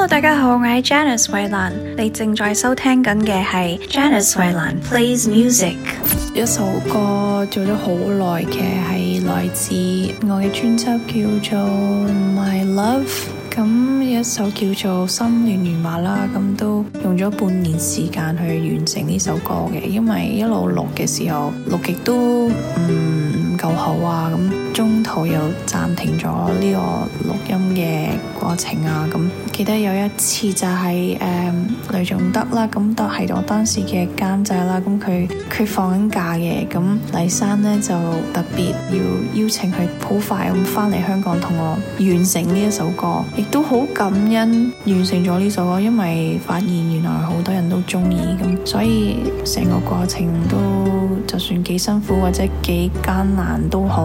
Hello，大家好，我係 Janice 惠蘭，你正在收聽緊嘅係 Janice 惠蘭 plays music。一首歌做咗好耐嘅，係來自我嘅專輯叫做 My Love。咁一首叫做《心亂如麻》啦，咁都用咗半年時間去完成呢首歌嘅，因為一路錄嘅時候，錄極都唔夠、嗯、好啊咁。中途又暫停咗呢個錄音嘅過程啊，咁記得有一次就係誒雷仲德啦，咁都係我當時嘅監製啦，咁佢佢放緊假嘅，咁黎生呢就特別要邀請佢好快咁返嚟香港同我完成呢一首歌，亦都好感恩完成咗呢首歌，因為發現原來好多人都鍾意，咁所以成個過程都就算幾辛苦或者幾艱難都好，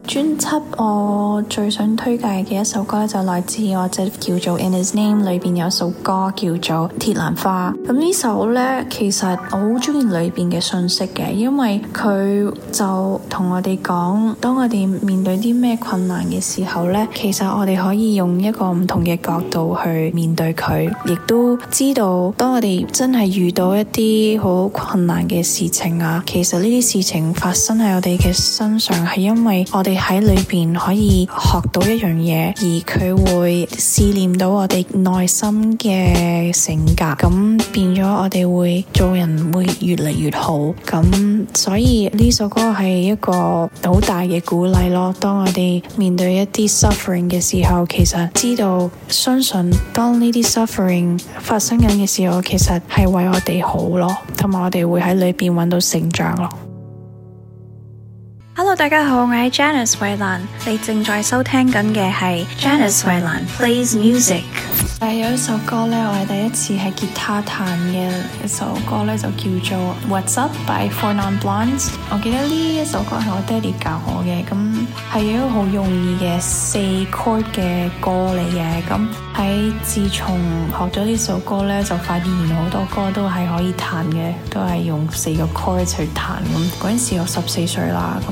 專輯我最想推介嘅一首歌咧，就來自我隻叫做《In His Name》裏邊有一首歌叫做《鐵蘭花》。咁呢首咧，其實我好中意裏邊嘅信息嘅，因為佢就同我哋講，當我哋面對啲咩困難嘅時候咧，其實我哋可以用一個唔同嘅角度去面對佢，亦都知道當我哋真係遇到一啲好困難嘅事情啊，其實呢啲事情發生喺我哋嘅身上，係因為我哋。喺裏邊可以學到一樣嘢，而佢會試煉到我哋內心嘅性格，咁變咗我哋會做人會越嚟越好。咁所以呢首歌係一個好大嘅鼓勵咯。當我哋面對一啲 suffering 嘅時候，其實知道相信，當呢啲 suffering 發生緊嘅時候，其實係為我哋好咯，同埋我哋會喺裏邊揾到成長咯。大家好，我係 Janice 惠蘭，你正在收聽緊嘅係 Janice 惠蘭 plays music。有一首歌呢，我係第一次係吉他彈嘅一首歌呢，就叫做 What's Up by 4 Non Blondes。Bl 我記得呢一首歌係我爹地教我嘅，咁係一個好容易嘅四 chord 嘅歌嚟嘅。咁喺自從學咗呢首歌呢，就發現好多歌都係可以彈嘅，都係用四個 chord 去彈。咁嗰陣時我十四歲啦，咁。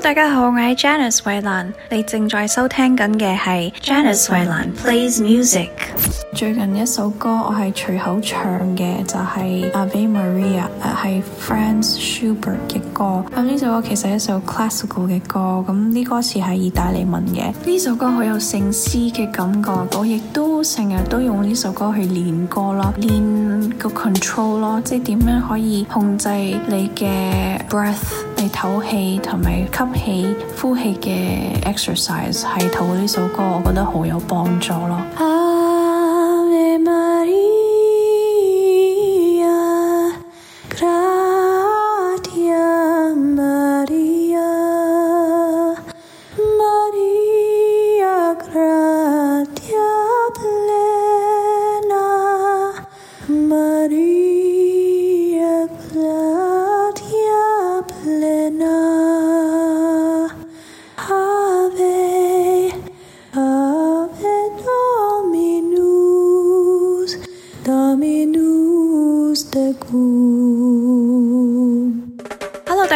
大家好，我係 Janice 衛蘭，你正在收聽緊嘅係 Janice 衛蘭 plays music。最近一首歌我係隨口唱嘅，就係 Ave Maria，係 Franz Schubert 嘅歌。咁呢首歌其實係一首 classical 嘅歌，咁呢歌詞係意大利文嘅。呢首歌好有聖詩嘅感覺，我亦都成日都用呢首歌去練歌啦，練個 control 咯，即係點樣可以控制你嘅 breath。係唞氣同埋吸氣呼氣嘅 exercise，係透過呢首歌，我覺得好有幫助咯。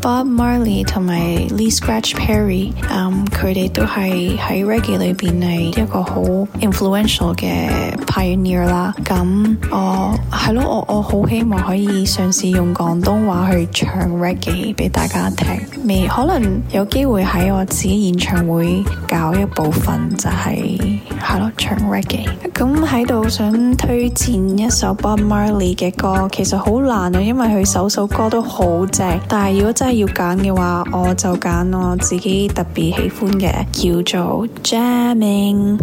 Bob Marley 同埋 Lee Scratch Perry，佢哋都係喺 Reggae 裏邊係一個好 influential 嘅 pioneer 啦。咁我係咯，我我好希望可以嘗試用廣東話去唱 Reggae 俾大家聽。未可能有機會喺我自己演唱會搞一部分就係係咯唱 Reggae。咁喺度想推薦一首 Bob Marley 嘅歌，其實好難啊，因為佢首首歌都好正，但係如果真係要揀嘅話，我就揀我自己特別喜歡嘅，叫做 jamming。